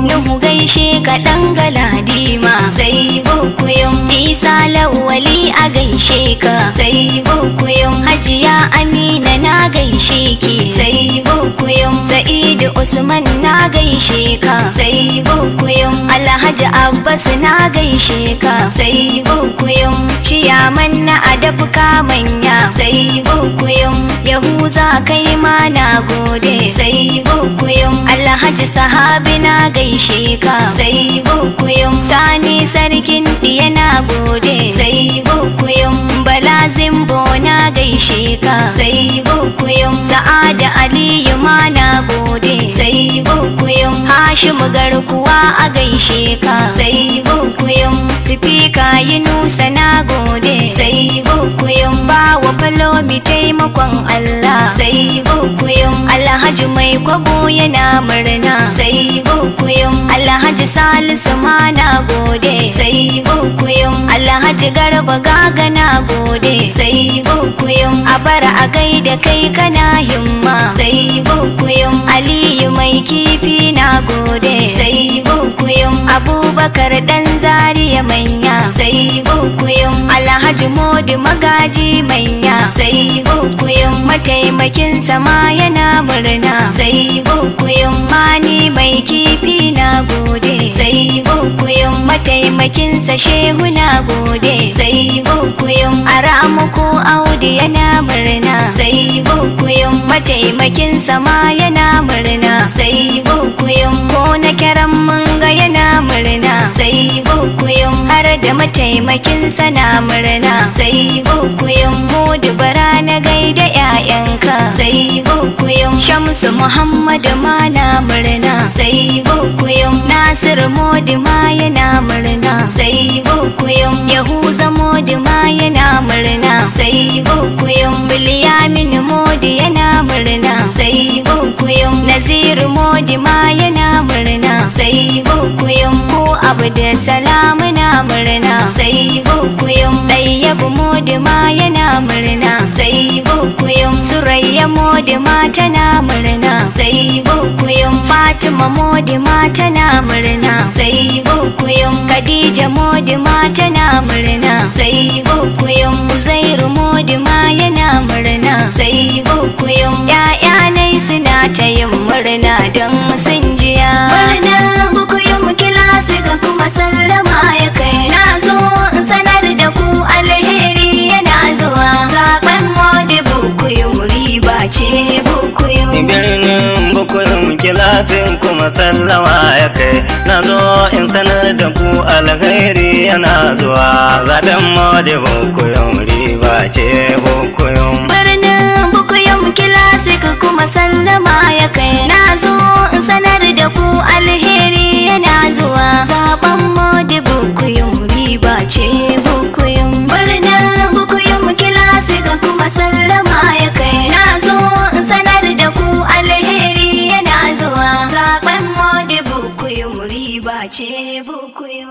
sannu mu gaishe ka ɗan galadima sai bukuyum isa lawali a gaishe ka sai bukuyum hajiya amina na gaishe ki sai bukuyum sa'idu usman na gaishe ka sai bukuyum alhaji abbas na gaishe ka sai bukuyum talaka manya sai yahuza kai ma na gode sai alhaji sahabi na gaishe ka sai sani sarkin diya na gode sai Bala balazin na gaishe ka sai bukuyum sa'ada aliyu ma na gode sai bukuyum hashim garkuwa a gaishe ka sai sifika yi nusa na gode sai bi taimakon Allah sai bukuyum Alhaji mai kwabo yana murna sai bukuyum Alhaji Salisu ma na gode sai bukuyum Alhaji Garba gaga na gode sai bukuyum Abar a gaida kai kana himma sai bukuyum Aliyu mai kifi na gode sai bukuyum Abubakar dan zariya manya sai bukuyum Alhaji Modi magaji manya sai bukuyin mataimakin sama yana murna sai bukuyin mani mai kifi na gode sai mataimakin mataimakinsa shehu na gode sai bukuyin aramuku audi yana murna sai bukuyin mataimakinsa sama yana murna sai bukuyin ko na kiran manga yana murna sai bukuyin da mataimakin sana murna sai bukuyin mudu bara na gaida 'ya'yanka sai bukuyin shamsu muhammadu ma na murna sai bukuyin nasiru mudu ma yana murna sai bukuyin yahuza mudu ma yana murna sai bukuyin Bilyamin mudu yana murna sai bukuyin naziru mudu ma yana murna sai bukuyin ko abu da salam ma yana murna sai bukuyum surayya modima tana murna sai bukuyum fatima modima tana murna sai bukuyum khadija modima tana murna sai bukuyum uzairu modima yana murna sai bukuyum ya'ya nai suna ta yin murna don sun jiya murna bukuyum kila suka kuma sallama Birnin bukurin kilasin kuma sallama ya kai, na zo in sanar da ku alkhairi yana zuwa zaben mode bukurin riba ce bukurin. ce bukuyu.